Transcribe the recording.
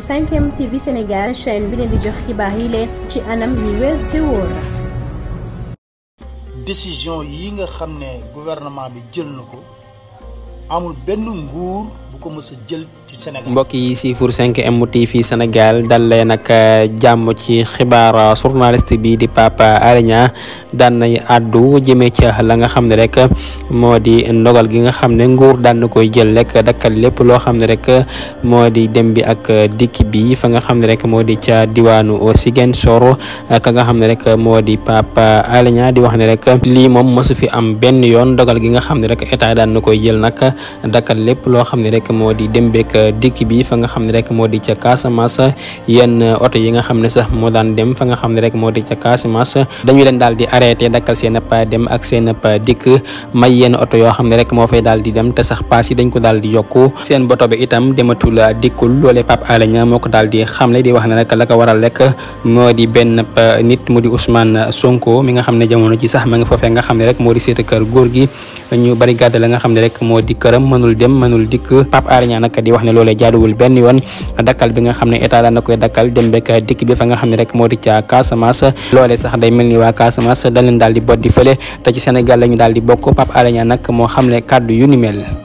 5M TV Sénégal chaîne bi leen di jox xibaar yi leen ci anam yu wér ci wóor. décision yi nga xam ne gouvernement bi jël na ko amul benn nguur. bu ko mës a jël ci Sénégal. mbokk yi siifur 5M TV Sénégal dal leen ak euh, jàmm ci xibaar journaliste bi di Pape Alé Niang daan nay àddu jëmee ci la nga xam ne rek moo di ndogal gi nga xam ne nguur daan na koy jël rek dakkal lépp loo xam ne rek moo di dem bi ak dikk bi fa nga xam ne rek moo di ca diwaanu Ziguinchor ka nga xam ne rek moo di Pape Alé Niang di wax ne rek lii moom mësu fi am benn yoon dogal gi nga xam ne rek état daan koy jël nag dakkal lépp loo xam ne rek. rek moo di dem beeg euh, dikk bi fa xam ne rek moo di ca Casamance yenn euh, oto yi nga xam ne sax moo daan dem fa nga xam ne rek moo di ca Casamance dañu leen daal di arrêté dakkal seen ab dem ak seen yenn oto yoo xam ne rek moo fay daal di dem te sax paas yi dañ ko daal di yokku seen boto bi itam dematul euh, dikkul loolee Pape Alé Niang moo ko daal di xamle di wax ne rek la ko waral rek moo di benn nit mu di Ousmane Sonko mi nga xam ne jamono ji sax ma nga foofee nga xam ne rek moo di seeta kër góor gi ñu bari la nga xam ne rek moo di këram mënul dem mënul dikk Pape Alé Niang nag di wax ne loolee jaaduwul benn yoon dakkal bi nga xam ne état daan na koy dakkal dem bek dikk bi fa nga xam ne rek moo di ca Casamance sax day mel ni waa Casamance da leen daal di bot di fële te ci Sénégal la ñu daal di bokk Pape Alé Niang moo xam ne kaddu yu ni mel